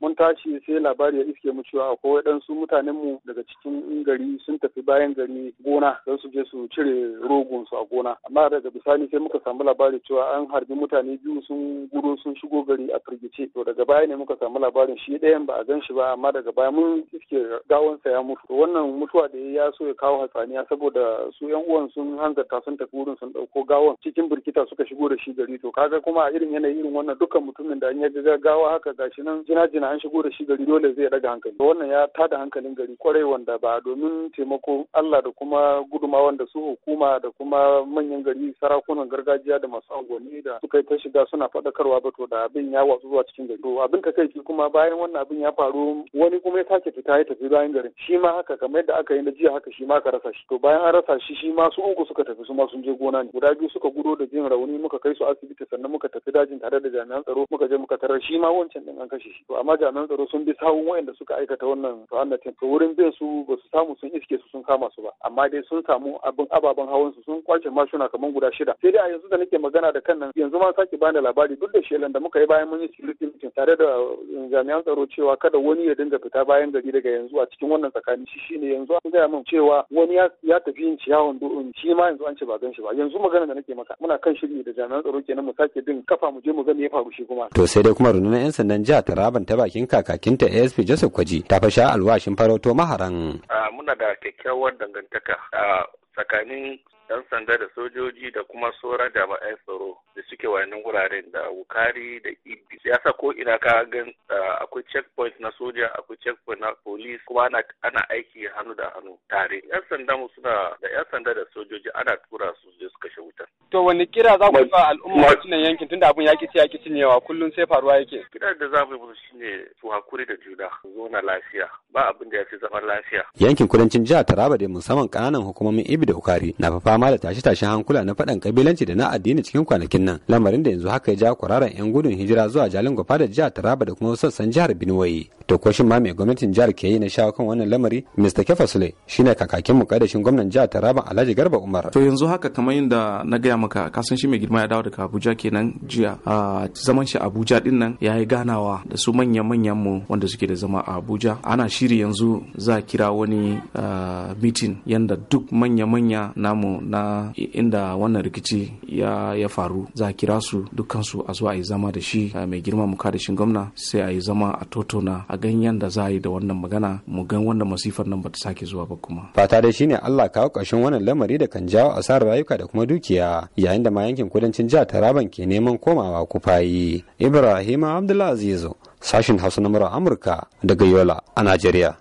mun tashi sai labari ya iske mu cewa akwai waɗansu mutanen mu daga cikin gari sun tafi bayan gari gona don su je su cire rogon su a gona amma daga bisani sai muka samu labari cewa an harbi mutane biyu sun gudo sun shigo gari a firgice to daga baya ne muka samu labarin shi ɗayan ba a gan shi ba amma daga baya mun iske gawansa ya mutu wannan mutuwa da ya so ya kawo hatsaniya saboda su yan uwan sun hanzarta sun tafi wurin sun ɗauko gawon cikin birkita suka shigo da shi gari to kaga kuma a irin yanayi irin wannan dukkan mutumin da an ya ga gawa haka gashi nan jina-jina magana an shigo da shi gari dole zai daga hankali wannan ya tada hankalin gari kwarai wanda ba domin taimako Allah da kuma gudumawan da su hukuma da kuma manyan gari sarakunan gargajiya da masu angoni da suka yi ta shiga suna faɗakarwa ba to da abin ya watsu zuwa cikin gari to abin kai kuma bayan wannan abin ya faru wani kuma ya sake fita ya tafi bayan garin shi ma haka kamar yadda aka yi na jiya haka shi ma aka rasa shi to bayan an rasa shi shi ma su uku suka tafi su ma sun je gona ne guda biyu suka gudo da jin rauni muka kai su asibiti sannan muka tafi dajin tare da jami'an tsaro muka je muka tarar shi ma wancan din an kashe shi to amma amma jami'an tsaro sun bi sawun wayanda suka aikata wannan ta'annatin to wurin bin su ba su samu sun iske su sun kama su ba amma dai sun samu abin ababen hawan su sun kwace mashuna kamar guda shida sai dai a yanzu da nake magana da kan nan yanzu ma sake bani labari duk da shelan da muka yi bayan mun yi security meeting tare da eh, jami'an tsaro cewa kada wani ya dinga fita bayan gari daga yanzu a cikin wannan tsakani shi shine yanzu an gaya min cewa wani ya tafi yin ciyawan do'in shi ma yanzu an ce ba gan shi ba yanzu magana da nake maka muna kan shiri da jami'an tsaro kenan mu sake bin kafa mu je mu ga me ya faru shi kuma to sai dai kuma rundunar 'yan sandan jihar Taraban ta ba bakin kakakinta asp joseph kwaji ta fasha alwashin farauto maharan muna da kyakkyawar dangantaka A tsakanin 'yan sanda da sojoji da kuma sauran jami'an tsaro suke wayannan wuraren da wukari da ibis ya sa ko ina ka gan ah, akwai checkpoint na soja akwai checkpoint na police kuma ana, ana aiki hannu da hannu tare yan sanda mu suna da yan sanda da sojoji ana tura su je su kashe wuta to wani kira za ku ba al'umma wannan yankin tunda abin yaki ya yaki cinyewa kullum sai faruwa yake kira da za mu yi shine su hakuri da juna zo na lafiya ba abin da ya fi zaman lafiya yankin kudancin jihar Taraba da musamman kananan hukumomin Ibi da Ukari na fama da tashi tashi hankula na faɗan kabilanci da na addini cikin kwanakin nan lamarin da yanzu haka ya ja kwararan yan gudun hijira zuwa jalin gwafa da jihar taraba da kuma sassan jihar binuwayi to ko shin ma mai gwamnatin jihar ke yi na shawo kan wannan lamari mr kefa sule shine kakakin mukaddashin gwamnan jihar taraba alhaji garba umar to yanzu haka kamar yadda na gaya maka kasan shi mai girma ya dawo daga abuja kenan jiya a zaman shi abuja din nan ya yi ganawa da su manyan manyan mu wanda suke da zama a abuja ana shiri yanzu za a kira wani mitin yanda duk manya manya namu na inda wannan rikici ya faru za za a kira su dukkansu a zo a yi zama da shi mai girma muka da shi gwamna sai a yi zama a totona a ganyen da za a yi da wannan magana mu gan wanda masifar nan bata sake zuwa ba kuma fata dai shine Allah kawo ƙarshen wannan lamari da kan jawo asarar rayuka da kuma dukiya yayin da ma yankin kudancin jihar Taraban ke neman komawa kufayi Ibrahim Abdulaziz sashin Hausa na Amurka daga Yola a Najeriya